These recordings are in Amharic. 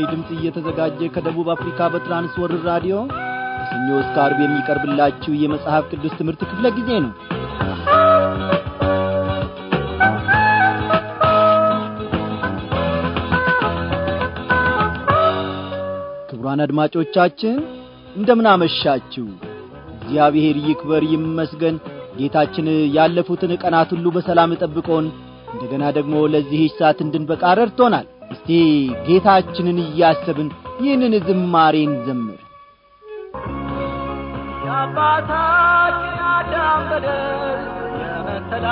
ለዘመናዊ ድምፅ እየተዘጋጀ ከደቡብ አፍሪካ በትራንስወርር ራዲዮ ከሰኞ እስከ አርብ የሚቀርብላችሁ የመጽሐፍ ቅዱስ ትምህርት ክፍለ ጊዜ ነው ክቡራን አድማጮቻችን እንደምናመሻችው እግዚአብሔር ይክበር ይመስገን ጌታችን ያለፉትን ቀናት ሁሉ በሰላም ጠብቆን እንደገና ደግሞ ለዚህ ሰዓት እንድንበቃ ረድቶናል እስቲ ጌታችንን እያሰብን ይህንን ዝማሬን ዘምር የአባታችን አዳም በደል የመተላ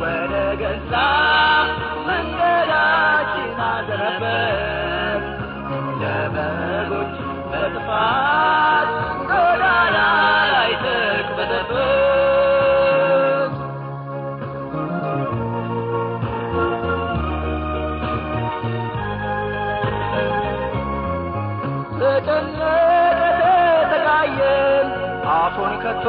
ወደ ገዛ መንገዳችን አዘነበል ለበጎች በጥፋት ጎዳና ላይ ተቅበዘበዝ ተጨነቀ ተሰቃየን አፉን ከቶ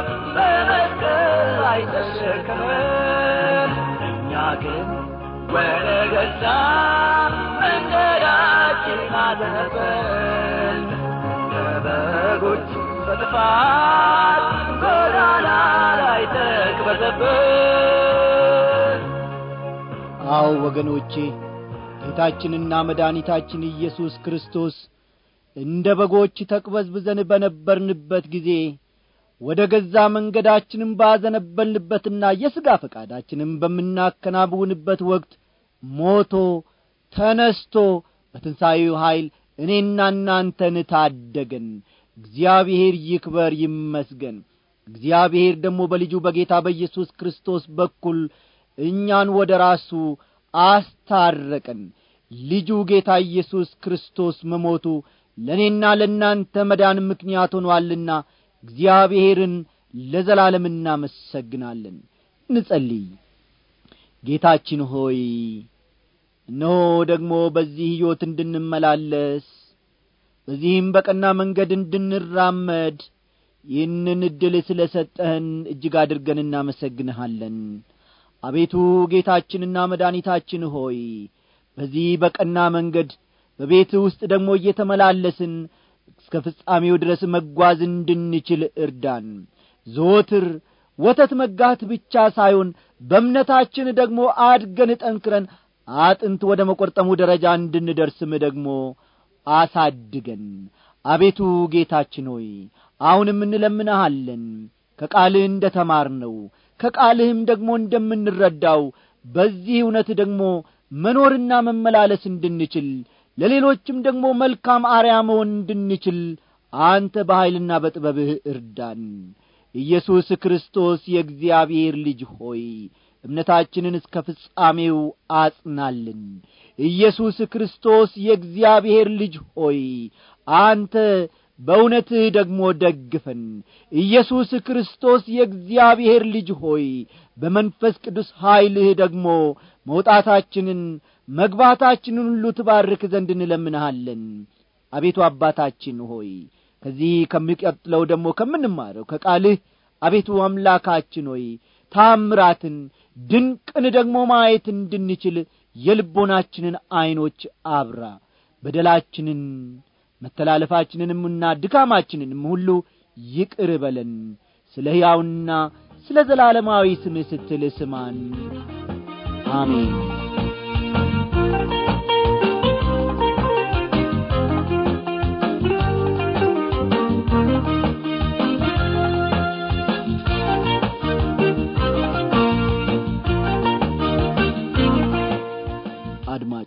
በመስቀል ላይ እኛ ግን ወደ ገዛ መንገዳችን ለበጎች በጥፋት ጎዳና ላይ አዎ ወገኖቼ ጌታችንና መድኃኒታችን ኢየሱስ ክርስቶስ እንደ በጎች ተቅበዝብዘን በነበርንበት ጊዜ ወደ ገዛ መንገዳችንም ባዘነበልንበትና የሥጋ ፈቃዳችንም በምናከናውንበት ወቅት ሞቶ ተነስቶ በትንሣኤው ኀይል እኔና እናንተን ታደገን እግዚአብሔር ይክበር ይመስገን እግዚአብሔር ደግሞ በልጁ በጌታ በኢየሱስ ክርስቶስ በኩል እኛን ወደ ራሱ አስታረቀን ልጁ ጌታ ኢየሱስ ክርስቶስ መሞቱ ለእኔና ለእናንተ መዳን ምክንያት ሆኗልና እግዚአብሔርን ለዘላለም እናመሰግናለን እንጸልይ ጌታችን ሆይ እነሆ ደግሞ በዚህ ሕይወት እንድንመላለስ በዚህም በቀና መንገድ እንድንራመድ ይህንን ዕድል ስለ ሰጠህን እጅግ አድርገን እናመሰግንሃለን አቤቱ ጌታችንና መድኒታችን ሆይ በዚህ በቀና መንገድ በቤት ውስጥ ደግሞ እየተመላለስን እስከ ፍጻሜው ድረስ መጓዝ እንድንችል እርዳን ዞትር ወተት መጋት ብቻ ሳይሆን በእምነታችን ደግሞ አድገን ጠንክረን አጥንት ወደ መቈርጠሙ ደረጃ እንድንደርስም ደግሞ አሳድገን አቤቱ ጌታችን ሆይ አሁንም እንለምንሃለን ከቃልህ እንደ ነው ከቃልህም ደግሞ እንደምንረዳው በዚህ እውነት ደግሞ መኖርና መመላለስ እንድንችል ለሌሎችም ደግሞ መልካም አርያ መሆን እንድንችል አንተ በኀይልና በጥበብህ እርዳን ኢየሱስ ክርስቶስ የእግዚአብሔር ልጅ ሆይ እምነታችንን እስከ ፍጻሜው አጽናልን ኢየሱስ ክርስቶስ የእግዚአብሔር ልጅ ሆይ አንተ በእውነትህ ደግሞ ደግፈን ኢየሱስ ክርስቶስ የእግዚአብሔር ልጅ ሆይ በመንፈስ ቅዱስ ኀይልህ ደግሞ መውጣታችንን መግባታችንን ሁሉ ትባርክ ዘንድ እንለምንሃለን አቤቱ አባታችን ሆይ ከዚህ ከሚቀጥለው ደግሞ ከምንማረው ከቃልህ አቤቱ አምላካችን ሆይ ታምራትን ድንቅን ደግሞ ማየት እንድንችል የልቦናችንን ዐይኖች አብራ በደላችንን መተላለፋችንንምና ድካማችንንም ሁሉ ይቅር በለን ስለ ሕያውና ስለ ዘላለማዊ ስምህ ስትል ስማን አሜን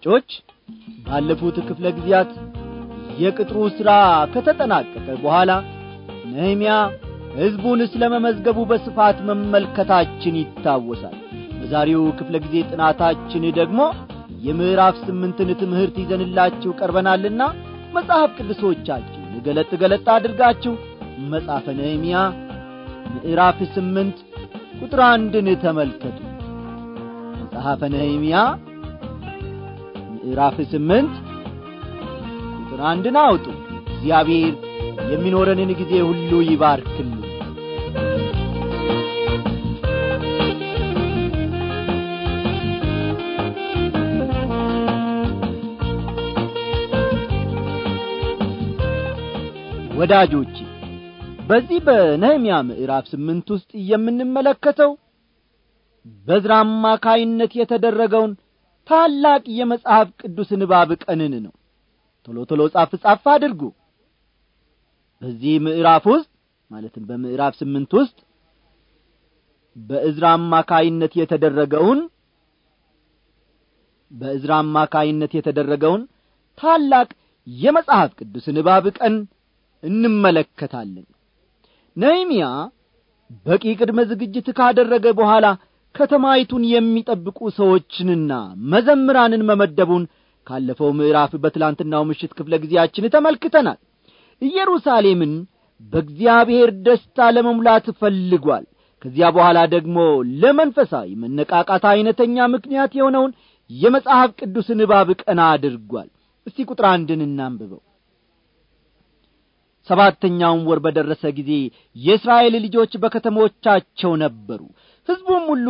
አድማጮች ባለፉት ክፍለ ጊዜያት የቅጥሩ ሥራ ከተጠናቀቀ በኋላ ነህምያ ሕዝቡን ስለ መመዝገቡ በስፋት መመልከታችን ይታወሳል በዛሬው ክፍለ ጊዜ ጥናታችን ደግሞ የምዕራፍ ስምንትን ትምህርት ይዘንላችሁ ቀርበናልና መጽሐፍ ቅዱሶቻችሁ ገለጥ ገለጥ አድርጋችሁ መጽሐፈ ነህምያ ምዕራፍ ስምንት ቁጥር አንድን ተመልከቱ መጽሐፈ ነህምያ ምዕራፍ ስምንት ቁጥር አንድን አውጡ እግዚአብሔር የሚኖረንን ጊዜ ሁሉ ይባርክልን ወዳጆቼ በዚህ በነህምያ ምዕራፍ ስምንት ውስጥ የምንመለከተው በዝራ አማካይነት የተደረገውን ታላቅ የመጽሐፍ ቅዱስ ንባብ ቀንን ነው ቶሎ ቶሎ ጻፍ ጻፍ አድርጉ በዚህ ምዕራፍ ውስጥ ማለትም በምዕራፍ ስምንት ውስጥ በእዝራ አማካይነት የተደረገውን በእዝራ አማካይነት የተደረገውን ታላቅ የመጽሐፍ ቅዱስ ንባብ ቀን እንመለከታለን ነህምያ በቂ ቅድመ ዝግጅት ካደረገ በኋላ ከተማይቱን የሚጠብቁ ሰዎችንና መዘምራንን መመደቡን ካለፈው ምዕራፍ በትላንትናው ምሽት ክፍለ ጊዜያችን ተመልክተናል ኢየሩሳሌምን በእግዚአብሔር ደስታ ለመሙላት ፈልጓል ከዚያ በኋላ ደግሞ ለመንፈሳዊ መነቃቃት ዐይነተኛ ምክንያት የሆነውን የመጽሐፍ ቅዱስን እባብ ቀና አድርጓል እስቲ ቁጥር አንድን እናንብበው ሰባተኛውን ወር በደረሰ ጊዜ የእስራኤል ልጆች በከተሞቻቸው ነበሩ ሕዝቡም ሁሉ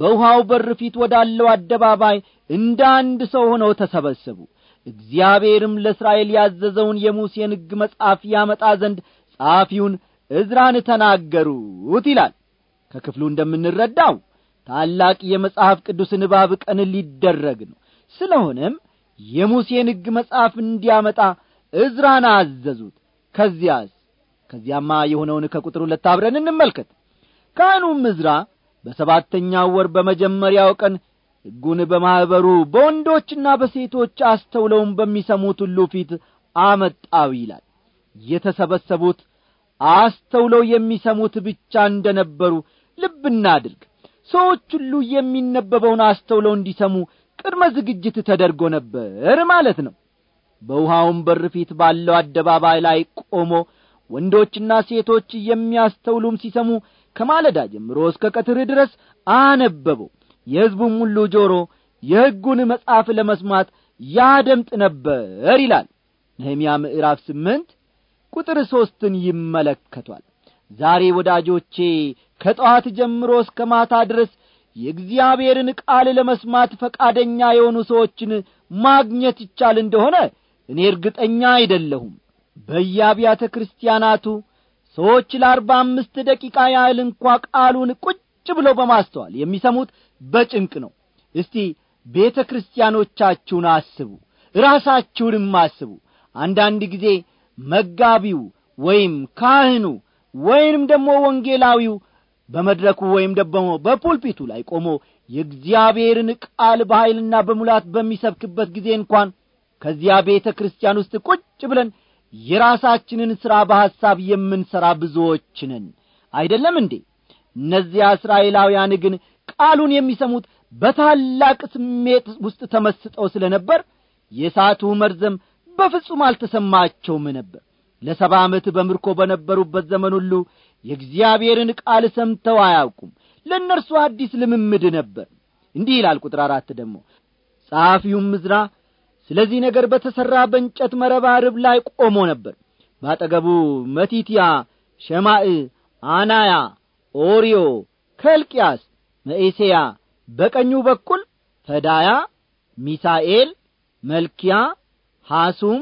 በውኃው በር ፊት ወዳለው አደባባይ እንደ አንድ ሰው ሆነው ተሰበሰቡ እግዚአብሔርም ለእስራኤል ያዘዘውን የሙሴን ሕግ መጽሐፍ ያመጣ ዘንድ ጻፊውን እዝራን ተናገሩት ይላል ከክፍሉ እንደምንረዳው ታላቅ የመጽሐፍ ቅዱስ ንባብ ቀን ሊደረግ ነው ስለሆነም የሙሴን ሕግ መጽሐፍ እንዲያመጣ እዝራን አዘዙት ከዚያስ ከዚያማ የሆነውን ከቁጥር ሁለት አብረን እንመልከት ካህኑም እዝራ በሰባተኛው ወር በመጀመሪያው ቀን ሕጉን በማኅበሩ በወንዶችና በሴቶች አስተውለውን በሚሰሙት ሁሉ ፊት አመጣው ይላል የተሰበሰቡት አስተውለው የሚሰሙት ብቻ እንደ ነበሩ ልብ እናድርግ ሰዎች ሁሉ የሚነበበውን አስተውለው እንዲሰሙ ቅድመ ዝግጅት ተደርጎ ነበር ማለት ነው በውሃውን በር ፊት ባለው አደባባይ ላይ ቆሞ ወንዶችና ሴቶች የሚያስተውሉም ሲሰሙ ከማለዳ ጀምሮ እስከ ቀትር ድረስ አነበበው የሕዝቡም ሁሉ ጆሮ የሕጉን መጽሐፍ ለመስማት ያደምጥ ነበር ይላል ነህምያ ምዕራፍ ስምንት ቁጥር ሦስትን ይመለከቷል ዛሬ ወዳጆቼ ከጠዋት ጀምሮ እስከ ማታ ድረስ የእግዚአብሔርን ቃል ለመስማት ፈቃደኛ የሆኑ ሰዎችን ማግኘት ይቻል እንደሆነ እኔ እርግጠኛ አይደለሁም በየአብያተ ክርስቲያናቱ ሰዎች ለአርባ አምስት ደቂቃ ያህል እንኳ ቃሉን ቁጭ ብለው በማስተዋል የሚሰሙት በጭንቅ ነው እስቲ ቤተ ክርስቲያኖቻችሁን አስቡ ራሳችሁንም አስቡ አንዳንድ ጊዜ መጋቢው ወይም ካህኑ ወይንም ደግሞ ወንጌላዊው በመድረኩ ወይም ደግሞ በፑልፒቱ ላይ ቆሞ የእግዚአብሔርን ቃል በኃይልና በሙላት በሚሰብክበት ጊዜ እንኳን ከዚያ ቤተ ክርስቲያን ውስጥ ቁጭ ብለን የራሳችንን ሥራ በሐሳብ የምንሠራ ብዙዎች ነን አይደለም እንዴ እነዚያ እስራኤላውያን ግን ቃሉን የሚሰሙት በታላቅ ስሜት ውስጥ ተመስጠው ስለ ነበር የሳቱ መርዘም በፍጹም አልተሰማቸውም ነበር ለሰባ ዓመት በምርኮ በነበሩበት ዘመን ሁሉ የእግዚአብሔርን ቃል ሰምተው አያውቁም ለእነርሱ አዲስ ልምምድ ነበር እንዲህ ይላል ቁጥር አራት ደግሞ ጸሐፊውም ምዝራ ስለዚህ ነገር በተሠራ በእንጨት መረባርብ ላይ ቆሞ ነበር ባጠገቡ መቲትያ ሸማዕ አናያ ኦርዮ ከልቅያስ መኤሴያ በቀኙ በኩል ፈዳያ ሚሳኤል መልኪያ ሐሱም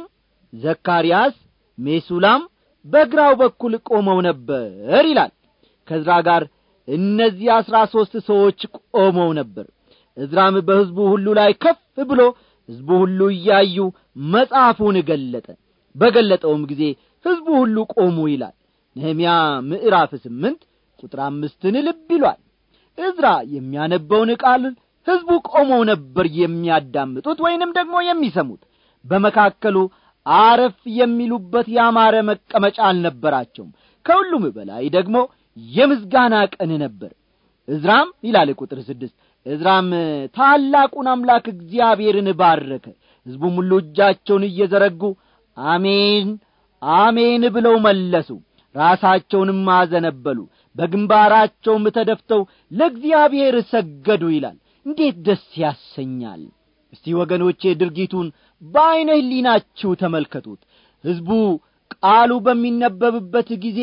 ዘካርያስ ሜሱላም በግራው በኩል ቆመው ነበር ይላል ከዝራ ጋር እነዚህ አሥራ ሦስት ሰዎች ቆመው ነበር እዝራም በሕዝቡ ሁሉ ላይ ከፍ ብሎ ሕዝቡ ሁሉ እያዩ መጽሐፉን ገለጠ በገለጠውም ጊዜ ሕዝቡ ሁሉ ቆሙ ይላል ነህምያ ምዕራፍ ስምንት ቁጥር አምስትን ልብ ይሏል እዝራ የሚያነበውን ቃል ሕዝቡ ቆመው ነበር የሚያዳምጡት ወይንም ደግሞ የሚሰሙት በመካከሉ አረፍ የሚሉበት ያማረ መቀመጫ አልነበራቸውም ከሁሉም በላይ ደግሞ የምዝጋና ቀን ነበር እዝራም ይላል ቁጥር ስድስት ዕዝራም ታላቁን አምላክ እግዚአብሔርን ባረከ ሕዝቡ ሙሉ እጃቸውን እየዘረጉ አሜን አሜን ብለው መለሱ ራሳቸውንም አዘነበሉ በግንባራቸውም ተደፍተው ለእግዚአብሔር ሰገዱ ይላል እንዴት ደስ ያሰኛል እስቲ ወገኖቼ ድርጊቱን በዐይነ ህሊናችሁ ተመልከቱት ሕዝቡ ቃሉ በሚነበብበት ጊዜ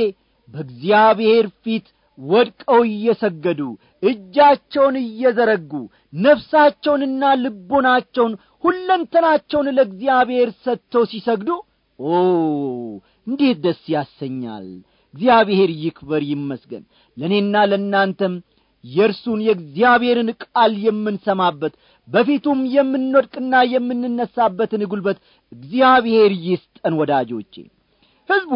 በእግዚአብሔር ፊት ወድቀው እየሰገዱ እጃቸውን እየዘረጉ ነፍሳቸውንና ልቦናቸውን ሁለንተናቸውን ለእግዚአብሔር ሰጥተው ሲሰግዱ ኦ እንዴት ደስ ያሰኛል እግዚአብሔር ይክበር ይመስገን ለእኔና ለእናንተም የእርሱን የእግዚአብሔርን ቃል የምንሰማበት በፊቱም የምንወድቅና የምንነሳበትን ጉልበት እግዚአብሔር ይስጠን ወዳጆቼ ሕዝቡ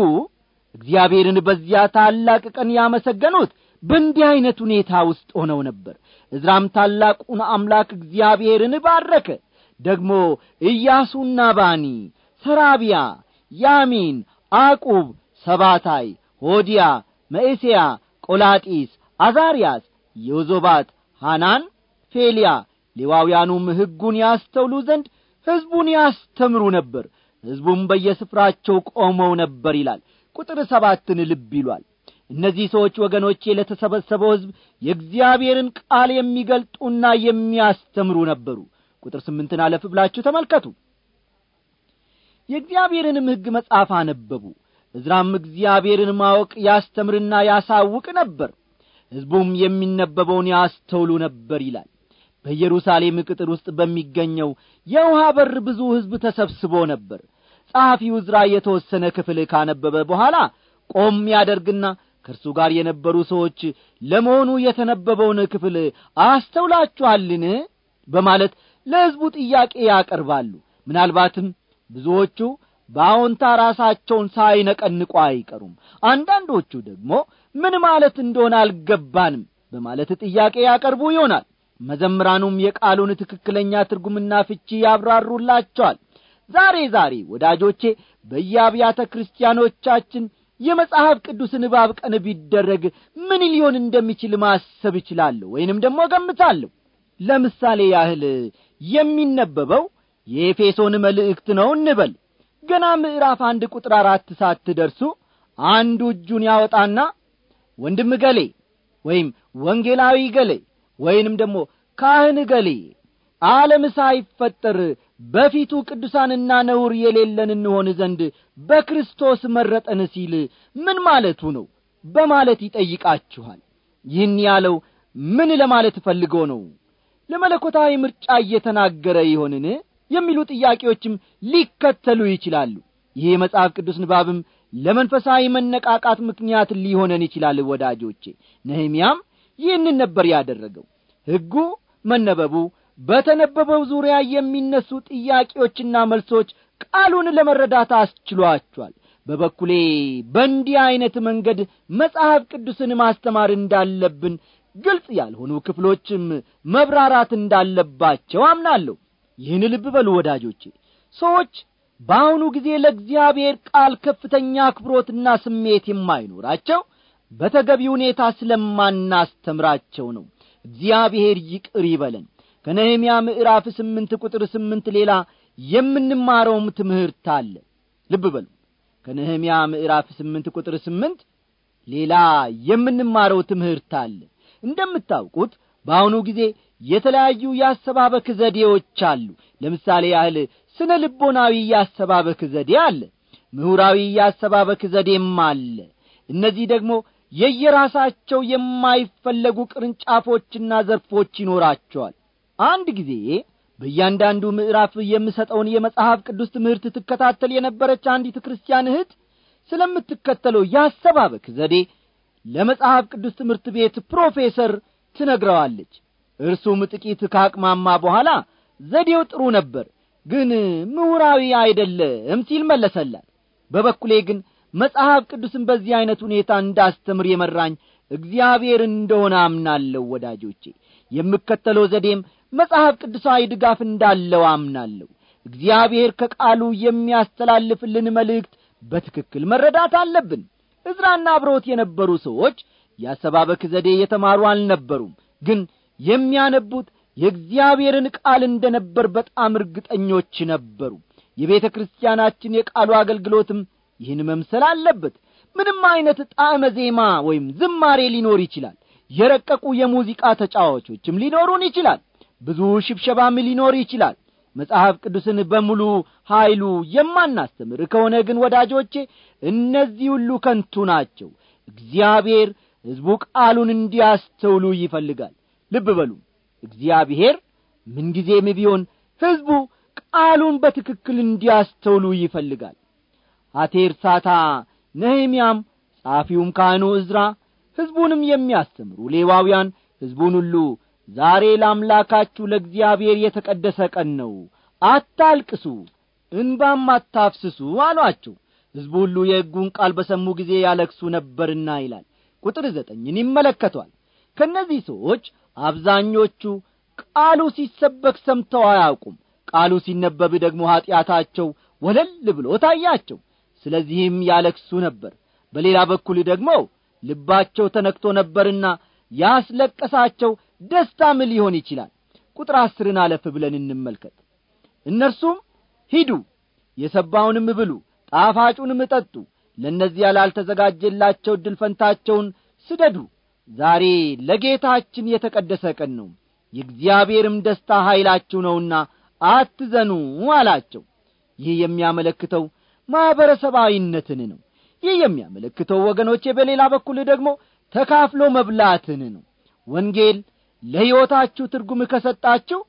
እግዚአብሔርን በዚያ ታላቅ ቀን ያመሰገኑት በእንዲህ ዐይነት ሁኔታ ውስጥ ሆነው ነበር እዝራም ታላቁን አምላክ እግዚአብሔርን ባረከ ደግሞ ኢያሱና ባኒ ሰራቢያ ያሚን አቁብ ሰባታይ ሆዲያ መእስያ ቆላጢስ አዛርያስ ዮዞባት ሐናን ፌልያ ሌዋውያኑም ሕጉን ያስተውሉ ዘንድ ሕዝቡን ያስተምሩ ነበር ሕዝቡም በየስፍራቸው ቆመው ነበር ይላል ቁጥር ሰባትን ልብ ይሏል እነዚህ ሰዎች ወገኖቼ ለተሰበሰበው ሕዝብ የእግዚአብሔርን ቃል የሚገልጡና የሚያስተምሩ ነበሩ ቁጥር ስምንትን አለፍ ብላችሁ ተመልከቱ የእግዚአብሔርንም ሕግ መጽሐፍ አነበቡ እዝራም እግዚአብሔርን ማወቅ ያስተምርና ያሳውቅ ነበር ሕዝቡም የሚነበበውን ያስተውሉ ነበር ይላል በኢየሩሳሌም ቅጥር ውስጥ በሚገኘው የውሃ በር ብዙ ሕዝብ ተሰብስቦ ነበር ጸሐፊው ዕዝራ የተወሰነ ክፍል ካነበበ በኋላ ቆም ያደርግና ከእርሱ ጋር የነበሩ ሰዎች ለመሆኑ የተነበበውን ክፍል አስተውላችኋልን በማለት ለሕዝቡ ጥያቄ ያቀርባሉ ምናልባትም ብዙዎቹ በአዎንታ ራሳቸውን ሳይነቀንቁ አይቀሩም አንዳንዶቹ ደግሞ ምን ማለት እንደሆነ አልገባንም በማለት ጥያቄ ያቀርቡ ይሆናል መዘምራኑም የቃሉን ትክክለኛ ትርጉምና ፍቺ ያብራሩላቸዋል ዛሬ ዛሬ ወዳጆቼ በየአብያተ ክርስቲያኖቻችን የመጽሐፍ ቅዱስ ንባብ ቀን ቢደረግ ምን ሊሆን እንደሚችል ማሰብ ይችላለሁ ወይንም ደግሞ እገምታለሁ ለምሳሌ ያህል የሚነበበው የኤፌሶን መልእክት ነው እንበል ገና ምዕራፍ አንድ ቁጥር አራት ሳትደርሱ አንዱ እጁን ያወጣና ወንድም ገሌ ወይም ወንጌላዊ ገሌ ወይንም ደግሞ ካህን ገሌ ዓለም ሳይፈጠር በፊቱ ቅዱሳንና ነውር የሌለን እንሆን ዘንድ በክርስቶስ መረጠን ሲል ምን ማለቱ ነው በማለት ይጠይቃችኋል ይህን ያለው ምን ለማለት ፈልጎ ነው ለመለኮታዊ ምርጫ እየተናገረ ይሆንን የሚሉ ጥያቄዎችም ሊከተሉ ይችላሉ ይህ የመጽሐፍ ቅዱስ ንባብም ለመንፈሳዊ መነቃቃት ምክንያት ሊሆነን ይችላል ወዳጆቼ ነህምያም ይህንን ነበር ያደረገው ሕጉ መነበቡ በተነበበው ዙሪያ የሚነሱ ጥያቄዎችና መልሶች ቃሉን ለመረዳት አስችሏቸዋል በበኩሌ በእንዲህ ዐይነት መንገድ መጽሐፍ ቅዱስን ማስተማር እንዳለብን ግልጽ ያልሆኑ ክፍሎችም መብራራት እንዳለባቸው አምናለሁ ይህን ልብ በሉ ወዳጆቼ ሰዎች በአሁኑ ጊዜ ለእግዚአብሔር ቃል ከፍተኛ አክብሮትና ስሜት የማይኖራቸው በተገቢ ሁኔታ ስለማናስተምራቸው ነው እግዚአብሔር ይቅር ይበለን ከነህምያ ምዕራፍ ስምንት ቁጥር ስምንት ሌላ የምንማረውም ትምህርት አለ ልብ በሉ ከነህምያ ምዕራፍ ስምንት ቁጥር ስምንት ሌላ የምንማረው ትምህርት አለ እንደምታውቁት በአሁኑ ጊዜ የተለያዩ ያሰባበክ ዘዴዎች አሉ ለምሳሌ ያህል ስነ ልቦናዊ ያሰባበክ ዘዴ አለ ምሁራዊ ያሰባበክ ዘዴም አለ እነዚህ ደግሞ የየራሳቸው የማይፈለጉ ቅርንጫፎችና ዘርፎች ይኖራቸዋል አንድ ጊዜ በእያንዳንዱ ምዕራፍ የምሰጠውን የመጽሐፍ ቅዱስ ትምህርት ትከታተል የነበረች አንዲት ክርስቲያን እህት ስለምትከተለው ያሰባበክ ዘዴ ለመጽሐፍ ቅዱስ ትምህርት ቤት ፕሮፌሰር ትነግረዋለች እርሱም ጥቂት ካቅማማ በኋላ ዘዴው ጥሩ ነበር ግን ምሁራዊ አይደለም ሲል መለሰላት በበኩሌ ግን መጽሐፍ ቅዱስን በዚህ ዐይነት ሁኔታ እንዳስተምር የመራኝ እግዚአብሔር እንደሆነ አምናለሁ ወዳጆቼ የምከተለው ዘዴም መጽሐፍ ቅዱሳዊ ድጋፍ እንዳለው አምናለሁ እግዚአብሔር ከቃሉ የሚያስተላልፍልን መልእክት በትክክል መረዳት አለብን እዝራና አብሮት የነበሩ ሰዎች የአሰባበክ ዘዴ የተማሩ አልነበሩም ግን የሚያነቡት የእግዚአብሔርን ቃል እንደ ነበር በጣም እርግጠኞች ነበሩ የቤተ ክርስቲያናችን የቃሉ አገልግሎትም ይህን መምሰል አለበት ምንም ዐይነት ጣዕመ ዜማ ወይም ዝማሬ ሊኖር ይችላል የረቀቁ የሙዚቃ ተጫዋቾችም ሊኖሩን ይችላል ብዙ ሽብሸባም ሊኖር ይችላል መጽሐፍ ቅዱስን በሙሉ ኀይሉ የማናስተምር ከሆነ ግን ወዳጆቼ እነዚህ ሁሉ ከንቱ ናቸው እግዚአብሔር ሕዝቡ ቃሉን እንዲያስተውሉ ይፈልጋል ልብ በሉ እግዚአብሔር ምንጊዜም ቢሆን ሕዝቡ ቃሉን በትክክል እንዲያስተውሉ ይፈልጋል አቴርሳታ ነህምያም ጻፊውም ካህኑ እዝራ ሕዝቡንም የሚያስተምሩ ሌዋውያን ሕዝቡን ሁሉ ዛሬ ለአምላካችሁ ለእግዚአብሔር የተቀደሰ ቀን ነው አታልቅሱ እንባም አታፍስሱ አሏቸው ሕዝቡ ሁሉ የሕጉን ቃል በሰሙ ጊዜ ያለክሱ ነበርና ይላል ቁጥር ዘጠኝን ይመለከቷል ከእነዚህ ሰዎች አብዛኞቹ ቃሉ ሲሰበክ ሰምተው አያውቁም ቃሉ ሲነበብ ደግሞ ኀጢአታቸው ወለል ብሎ ታያቸው ስለዚህም ያለክሱ ነበር በሌላ በኩል ደግሞ ልባቸው ተነክቶ ነበርና ያስለቀሳቸው ደስታም ሊሆን ይችላል ቁጥር አስርን አለፍ ብለን እንመልከት እነርሱም ሂዱ የሰባውንም ብሉ ጣፋጩንም ምጠጡ ለእነዚያ ላልተዘጋጀላቸው ዕድል ፈንታቸውን ስደዱ ዛሬ ለጌታችን የተቀደሰ ቀን ነው የእግዚአብሔርም ደስታ ኀይላችሁ ነውና አትዘኑ አላቸው ይህ የሚያመለክተው ማኅበረሰባዊነትን ነው ይህ የሚያመለክተው ወገኖቼ በሌላ በኩል ደግሞ ተካፍሎ መብላትን ነው ወንጌል ለሕይወታችሁ ትርጉም ከሰጣችሁ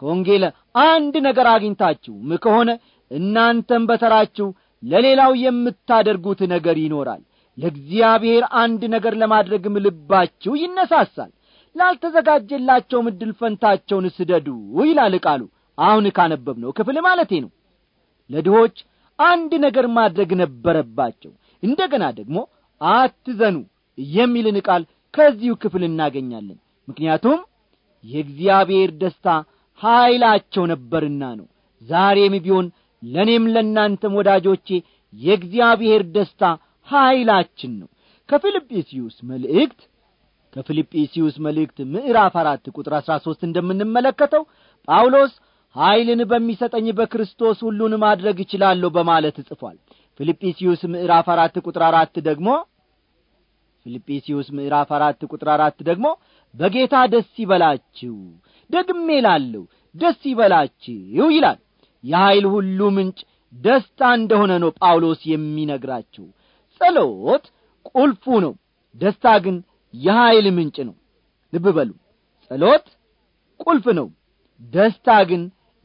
ከወንጌል አንድ ነገር አግኝታችሁም ከሆነ እናንተም በተራችሁ ለሌላው የምታደርጉት ነገር ይኖራል ለእግዚአብሔር አንድ ነገር ለማድረግም ልባችሁ ይነሳሳል ላልተዘጋጀላቸውም ምድል ፈንታቸውን ስደዱ ይላል ቃሉ አሁን ካነበብ ነው ክፍል ማለቴ ነው ለድሆች አንድ ነገር ማድረግ ነበረባቸው እንደገና ደግሞ አትዘኑ የሚልን ቃል ከዚሁ ክፍል እናገኛለን ምክንያቱም የእግዚአብሔር ደስታ ኀይላቸው ነበርና ነው ዛሬም ቢሆን ለእኔም ለእናንተም ወዳጆቼ የእግዚአብሔር ደስታ ኀይላችን ነው ከፊልጵስዩስ መልእክት ከፊልጵስዩስ መልእክት ምዕራፍ አራት ቁጥር አሥራ ሦስት እንደምንመለከተው ጳውሎስ ኀይልን በሚሰጠኝ በክርስቶስ ሁሉን ማድረግ ይችላለሁ በማለት ጽፏል ፊልጵስዩስ ምዕራፍ አራት ቁጥር አራት ደግሞ ፊልጵስዩስ ምዕራፍ አራት ቁጥር አራት ደግሞ በጌታ ደስ ይበላችሁ ደግሜ ላለሁ ደስ ይበላችሁ ይላል የኀይል ሁሉ ምንጭ ደስታ እንደሆነ ነው ጳውሎስ የሚነግራችሁ ጸሎት ቁልፉ ነው ደስታ ግን የኀይል ምንጭ ነው ልብ በሉ ጸሎት ቁልፍ ነው ደስታ ግን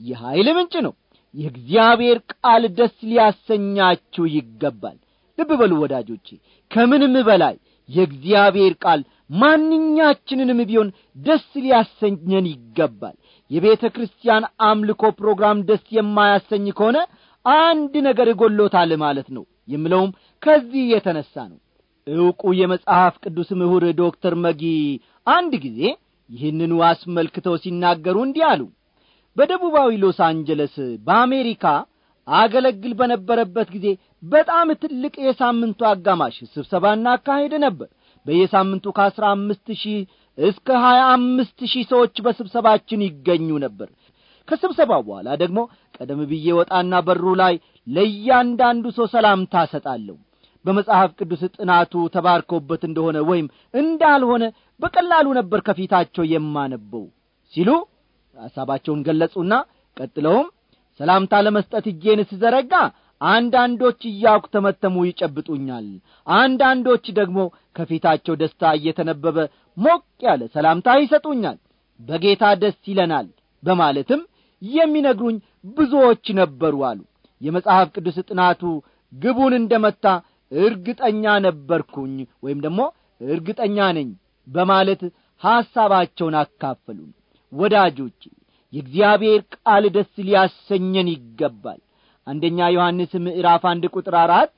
የኀይል ምንጭ ነው የእግዚአብሔር ቃል ደስ ሊያሰኛችሁ ይገባል ልብ በሉ ወዳጆቼ ከምንም በላይ የእግዚአብሔር ቃል ማንኛችንንም ቢሆን ደስ ሊያሰኘን ይገባል የቤተ ክርስቲያን አምልኮ ፕሮግራም ደስ የማያሰኝ ከሆነ አንድ ነገር እጎሎታል ማለት ነው የምለውም ከዚህ የተነሣ ነው ዕውቁ የመጽሐፍ ቅዱስ ምሁር ዶክተር መጊ አንድ ጊዜ ይህንኑ አስመልክተው ሲናገሩ እንዲህ አሉ በደቡባዊ ሎስ አንጀለስ በአሜሪካ አገለግል በነበረበት ጊዜ በጣም ትልቅ የሳምንቱ አጋማሽ ስብሰባና አካሄድ ነበር በየሳምንቱ ከአሥራ አምስት ሺህ እስከ ሀያ አምስት ሺህ ሰዎች በስብሰባችን ይገኙ ነበር ከስብሰባው በኋላ ደግሞ ቀደም ብዬ ወጣና በሩ ላይ ለእያንዳንዱ ሰው ሰላምታ ሰጣለሁ በመጽሐፍ ቅዱስ ጥናቱ ተባርኮበት እንደሆነ ወይም እንዳልሆነ በቀላሉ ነበር ከፊታቸው የማነበው ሲሉ ሐሳባቸውን ገለጹና ቀጥለውም ሰላምታ ለመስጠት እጄን ስዘረጋ አንዳንዶች ተመተሙ ይጨብጡኛል አንዳንዶች ደግሞ ከፊታቸው ደስታ እየተነበበ ሞቅ ያለ ሰላምታ ይሰጡኛል በጌታ ደስ ይለናል በማለትም የሚነግሩኝ ብዙዎች ነበሩ አሉ የመጽሐፍ ቅዱስ ጥናቱ ግቡን እንደመታ እርግጠኛ ነበርኩኝ ወይም ደግሞ እርግጠኛ ነኝ በማለት ሐሳባቸውን አካፈሉ ወዳጆቼ የእግዚአብሔር ቃል ደስ ሊያሰኘን ይገባል አንደኛ ዮሐንስ ምዕራፍ አንድ ቁጥር አራት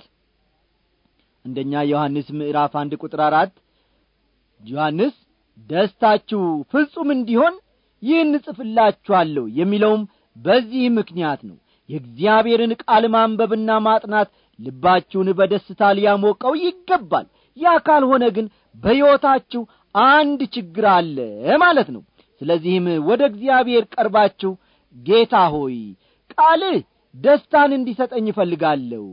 አንደኛ ዮሐንስ ምዕራፍ አንድ ቁጥር አራት ዮሐንስ ደስታችሁ ፍጹም እንዲሆን ይህን ጽፍላችኋለሁ የሚለውም በዚህ ምክንያት ነው የእግዚአብሔርን ቃል ማንበብና ማጥናት ልባችሁን በደስታ ሊያሞቀው ይገባል ያ ካልሆነ ግን በሕይወታችሁ አንድ ችግር አለ ማለት ነው ስለዚህም ወደ እግዚአብሔር ቀርባችሁ ጌታ ሆይ ቃልህ ደስታን እንዲሰጠኝ እፈልጋለሁ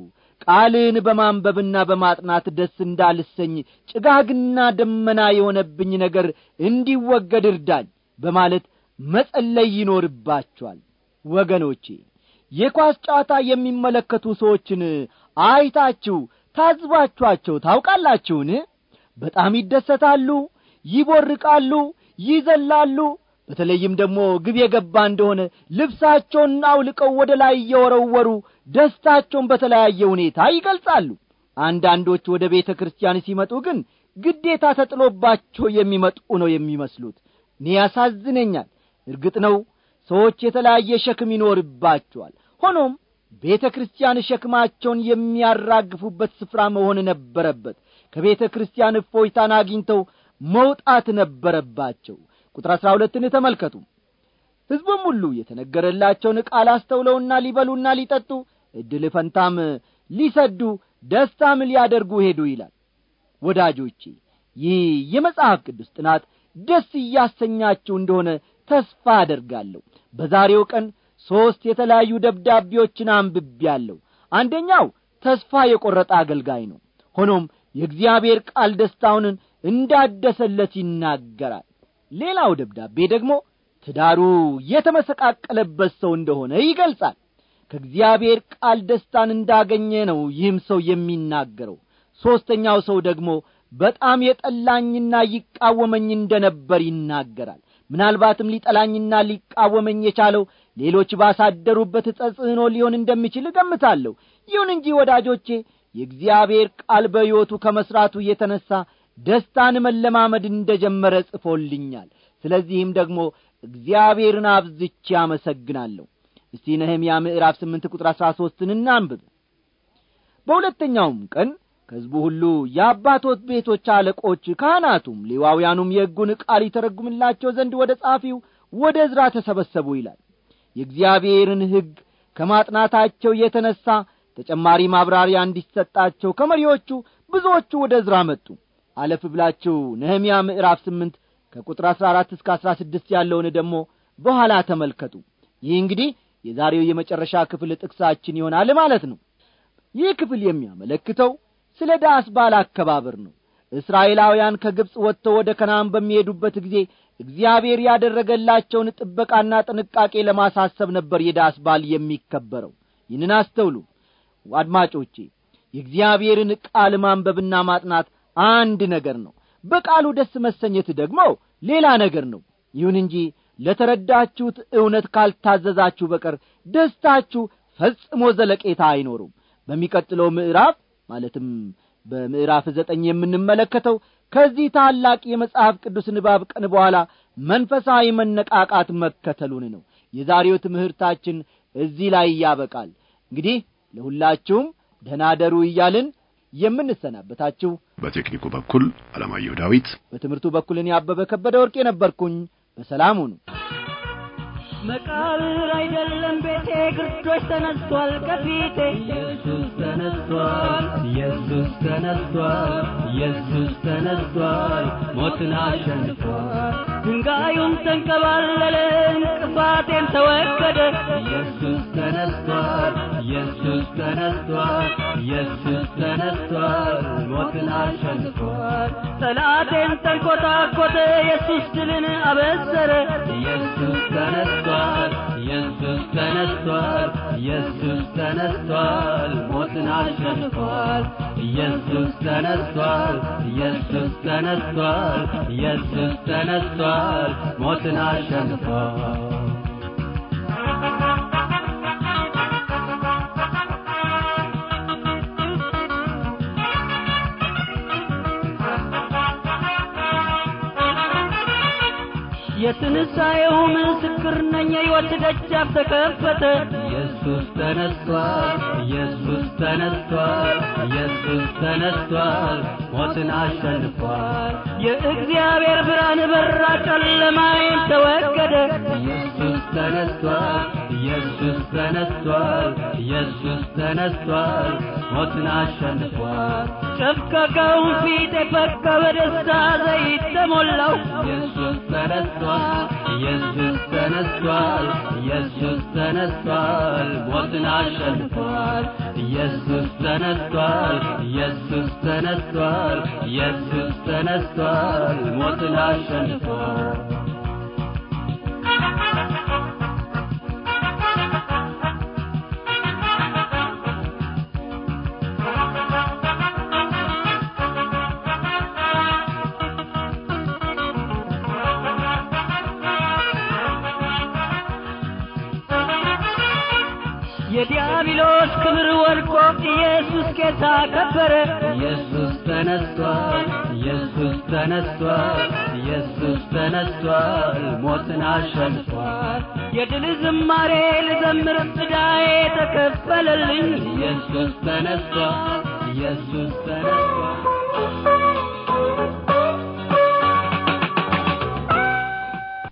ቃልን በማንበብና በማጥናት ደስ እንዳልሰኝ ጭጋግና ደመና የሆነብኝ ነገር እንዲወገድ እርዳኝ በማለት መጸለይ ይኖርባቸዋል ወገኖቼ የኳስ ጨዋታ የሚመለከቱ ሰዎችን አይታችሁ ታዝባችኋቸው ታውቃላችሁን በጣም ይደሰታሉ ይቦርቃሉ ይዘላሉ በተለይም ደግሞ ግብ የገባ እንደሆነ ልብሳቸውን አውልቀው ወደ ላይ እየወረወሩ ደስታቸውን በተለያየ ሁኔታ ይገልጻሉ አንዳንዶች ወደ ቤተ ክርስቲያን ሲመጡ ግን ግዴታ ተጥሎባቸው የሚመጡ ነው የሚመስሉት እኔ ያሳዝነኛል እርግጥ ነው ሰዎች የተለያየ ሸክም ይኖርባቸዋል ሆኖም ቤተ ክርስቲያን ሸክማቸውን የሚያራግፉበት ስፍራ መሆን ነበረበት ከቤተ ክርስቲያን እፎይታን አግኝተው መውጣት ነበረባቸው ቁጥር አሥራ ሁለትን ተመልከቱ ሕዝቡም ሁሉ የተነገረላቸውን ቃል አስተውለውና ሊበሉና ሊጠጡ ዕድል ፈንታም ሊሰዱ ደስታም ሊያደርጉ ሄዱ ይላል ወዳጆቼ ይህ የመጽሐፍ ቅዱስ ጥናት ደስ እያሰኛችሁ እንደሆነ ተስፋ አደርጋለሁ በዛሬው ቀን ሦስት የተለያዩ ደብዳቤዎችን አንብቤያለሁ አንደኛው ተስፋ የቈረጠ አገልጋይ ነው ሆኖም የእግዚአብሔር ቃል ደስታውንን እንዳደሰለት ይናገራል ሌላው ደብዳቤ ደግሞ ትዳሩ የተመሰቃቀለበት ሰው እንደሆነ ይገልጻል ከእግዚአብሔር ቃል ደስታን እንዳገኘ ነው ይህም ሰው የሚናገረው ሦስተኛው ሰው ደግሞ በጣም የጠላኝና ይቃወመኝ እንደ ነበር ይናገራል ምናልባትም ሊጠላኝና ሊቃወመኝ የቻለው ሌሎች ባሳደሩበት ጸጽህኖ ሊሆን እንደሚችል እገምታለሁ ይሁን እንጂ ወዳጆቼ የእግዚአብሔር ቃል በሕይወቱ ከመሥራቱ የተነሣ ደስታን መለማመድ እንደ ጀመረ ጽፎልኛል ስለዚህም ደግሞ እግዚአብሔርን አብዝቼ አመሰግናለሁ እስቲ ነህምያ ምዕራፍ ስምንት ቁጥር አሥራ ሦስትን እናንብብ በሁለተኛውም ቀን ከሕዝቡ ሁሉ የአባቶች ቤቶች አለቆች ካህናቱም ሌዋውያኑም የሕጉን ቃል ይተረጉምላቸው ዘንድ ወደ ጻፊው ወደ ዕዝራ ተሰበሰቡ ይላል የእግዚአብሔርን ሕግ ከማጥናታቸው የተነሣ ተጨማሪ ማብራሪያ እንዲሰጣቸው ከመሪዎቹ ብዙዎቹ ወደ ዕዝራ መጡ አለፍ ብላችሁ ነህምያ ምዕራፍ ስምንት ከቁጥር አሥራ አራት እስከ አሥራ ስድስት ያለውን ደግሞ በኋላ ተመልከቱ ይህ እንግዲህ የዛሬው የመጨረሻ ክፍል ጥቅሳችን ይሆናል ማለት ነው ይህ ክፍል የሚያመለክተው ስለ ዳስ ባል አከባበር ነው እስራኤላውያን ከግብፅ ወጥተው ወደ ከናን በሚሄዱበት ጊዜ እግዚአብሔር ያደረገላቸውን ጥበቃና ጥንቃቄ ለማሳሰብ ነበር የዳስ ባል የሚከበረው ይህንን አስተውሉ አድማጮቼ የእግዚአብሔርን ቃል ማንበብና ማጥናት አንድ ነገር ነው በቃሉ ደስ መሰኘት ደግሞ ሌላ ነገር ነው ይሁን እንጂ ለተረዳችሁት እውነት ካልታዘዛችሁ በቀር ደስታችሁ ፈጽሞ ዘለቄታ አይኖሩም በሚቀጥለው ምዕራፍ ማለትም በምዕራፍ ዘጠኝ የምንመለከተው ከዚህ ታላቅ የመጽሐፍ ቅዱስ ንባብ ቀን በኋላ መንፈሳዊ መነቃቃት መከተሉን ነው የዛሬው ትምህርታችን እዚህ ላይ ያበቃል እንግዲህ ለሁላችሁም ደናደሩ እያልን የምንሰናበታችሁ በቴክኒኩ በኩል አለማየሁ ዳዊት፣ በትምህርቱ በኩል እኔ አበበ ከበደ ወርቅ የነበርኩኝ። በሰላም ሁኑ። መቃብር አይደለም ቤቴ፣ ግርዶች ተነስቷል ከፊቴ። ኢየሱስ ተነስቷል፣ ኢየሱስ ተነስቷል፣ ኢየሱስ ተነስቷል፣ ሞትን አሸንፏል። ድንጋዩም ተንቀባለለ፣ እንቅፋቴም ተወገደ። ኢየሱስ ተነስቷል፣ ኢየሱስ ተነስቷል፣ ኢየሱስ ተነስቷል፣ ሞትን አሸንፏል። ጠላቴም ተንኮታኮተ፣ ኢየሱስ ድልን አበሰረ። ኢየሱስ ተነስቷል ኢየሱስ ተነስቷል ኢየሱስ ተነስቷል ሞትን አሸንፏል ጠላቴም ተንኰታኰተ ኢየሱስ ድልን አበሰረ ኢየሱስ ተነስቷል ኢየሱስ ተነስቷል፣ ኢየሱስ ተነስቷል፣ ሞትን አሸንፏል። ኢየሱስ ተነስቷል፣ ኢየሱስ ተነስቷል፣ ኢየሱስ ተነስቷል፣ ሞትን አሸንፏል። የትንሣኤው ምስክር ነኝ የሕይወት ደጃፍ ተከፈተ ኢየሱስ ተነስቷል ኢየሱስ ተነስቷል ኢየሱስ ተነስቷል ሞትን አሸንፏል የእግዚአብሔር ብርሃን በራ ጨለማዬን ተወገደ ኢየሱስ ተነስቷል ኢየሱስ ተነስቷል፣ ኢየሱስ ተነስቷል፣ ሞትን አሸንፏል። ጨፍቀቀው ፊት የፈካ በደስታ ዘይት ተሞላው። ኢየሱስ ተነስቷል፣ ኢየሱስ ተነስቷል፣ ኢየሱስ ተነስቷል፣ ሞትን አሸንፏል። ኢየሱስ ተነስቷል፣ ኢየሱስ ተነስቷል፣ ኢየሱስ ተነስቷል፣ ሞትን አሸንፏል። የዲያብሎስ ክብር ወድቆ ኢየሱስ ጌታ ከበረ። ኢየሱስ ተነስቷል፣ ኢየሱስ ተነስቷል፣ ኢየሱስ ተነስቷል፣ ሞትን አሸንፏል። የድል ዝማሬ ልዘምር፣ ዕዳዬ ተከፈለልኝ። ኢየሱስ ተነስቷል፣ ኢየሱስ ተነስቷል